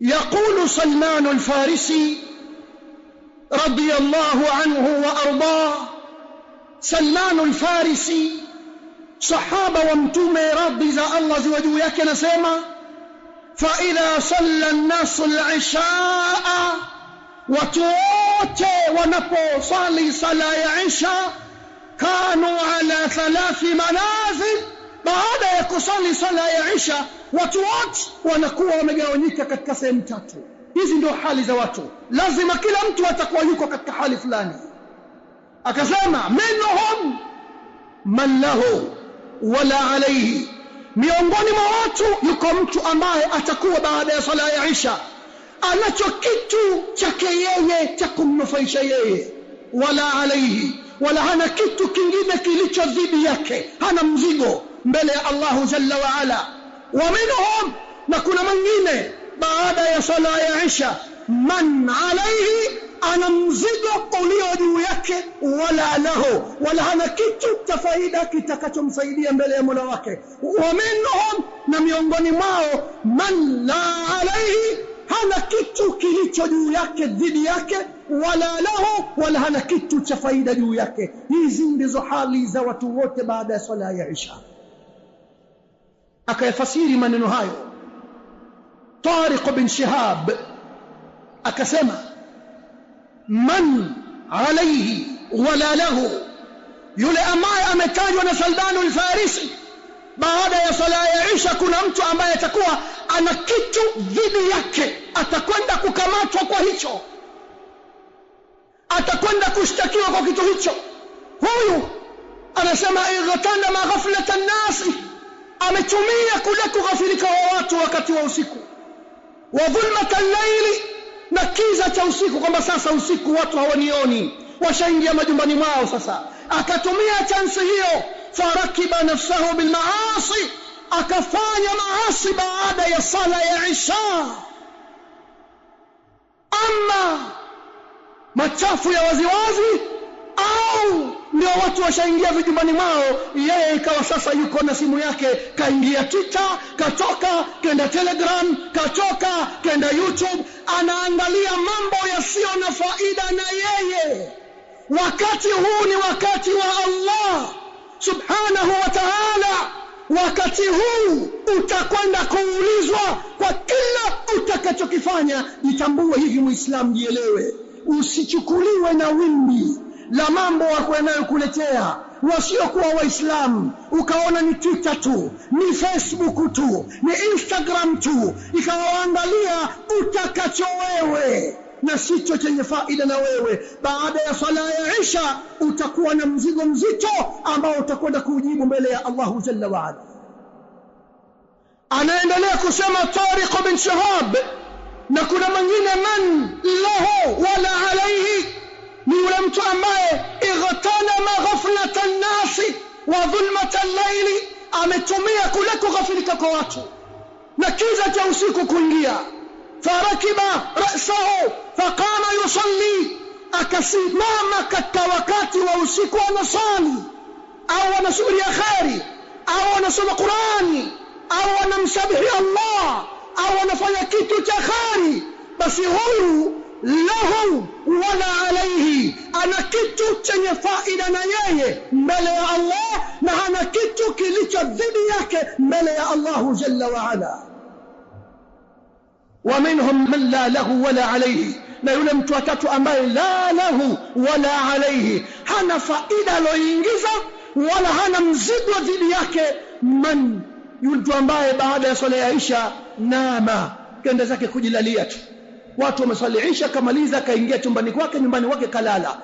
يقول سلمان الفارسي رضي الله عنه وارضاه سلمان الفارسي صحابه ومتومه رضي الله زوجه وياك سيما فاذا صلى الناس العشاء وتوتي ونقو صلي صلاه عشاء كانوا على ثلاث منام wanaposali sala ya Isha watu wote wanakuwa wamegawanyika katika sehemu tatu. Hizi ndio hali za watu, lazima kila mtu atakuwa yuko katika hali fulani. Akasema minhum man lahu wala alayhi, miongoni mwa watu yuko mtu ambaye atakuwa baada ya sala ya Isha anacho kitu chake yeye cha kumnufaisha yeye, wala alayhi, wala hana kitu kingine kilicho dhidi yake, hana mzigo mbele ya Allahu jalla wa ala wa minhum na kuna mwingine baada ya sala ya Isha man alayhi ana mzigo ulio juu yake wala lahu wala hana kitu cha faida kitakachomsaidia mbele ya Mola wake wa minhum na miongoni mwao man la alaihi hana kitu kilicho juu yake dhidi yake wala lahu wala hana kitu cha faida juu yake hizi ndizo hali za watu wote baada ya swala ya Isha akayafasiri maneno hayo Tariq bin Shihab akasema man alayhi wala lahu yule ambaye ametajwa na saldanu al-Farisi baada ya sala ya Isha kuna mtu ambaye atakuwa ana kitu dhidi yake atakwenda kukamatwa kwa hicho atakwenda kushtakiwa kwa kitu hicho huyu anasema ightana maghflatan nas amechumia kule kughafilika wa watu wakati wa usiku wa dhulmata llaili na kiza cha usiku kwamba sasa usiku watu hawanioni washaingia majumbani mwao sasa akatumia chansi hiyo farakiba nafsahu bilmaasi akafanya maasi baada ya sala ya isha ama machafu ya waziwazi au ndio watu washaingia vijumbani mwao, yeye ikawa sasa yuko na simu yake, kaingia Twitter, katoka kenda Telegram, katoka kenda YouTube, anaangalia mambo yasiyo na faida na yeye. Wakati huu ni wakati wa Allah subhanahu wa ta'ala. Wakati huu utakwenda kuulizwa kwa kila utakachokifanya. Jitambue hivi Muislamu, jielewe, usichukuliwe na wimbi la mambo yanayokuletea wasiokuwa Waislamu, ukaona ni Twitter tu, ni Facebook tu, ni Instagram tu, ikawaangalia utakacho wewe na sicho chenye faida na wewe. Baada ya sala ya Isha utakuwa na mzigo mzito ambao utakwenda kuujibu mbele ya Allahu jalla waala. Anaendelea kusema Tariq bin shahab na kuna mwingine man wa dhulmata llaili ametumia kule kughafilika kwa watu na kiza cha usiku kuingia farakiba rasahu faqama yusalli akasimama katika wakati wa usiku anasali au anasubiria kheri au anasoma qurani au anamsabihi allah au anafanya kitu cha kheri basi huyu lahu wala alaihi, ana kitu chenye faida na yeye mbele ya Allah na hana kitu kilicho dhidi yake mbele ya Allahu jalla wa ala. Wa minhum man la lahu wala alaihi, na yule mtu wa tatu ambaye la lahu wala alaihi, hana faida aloingiza wala hana mzigo dhidi yake. Man, yule mtu ambaye baada ya swala ya isha nama kenda zake kujilalia tu watu wamesali isha, kamaliza, kaingia chumbani kwake, nyumbani kwake kalala.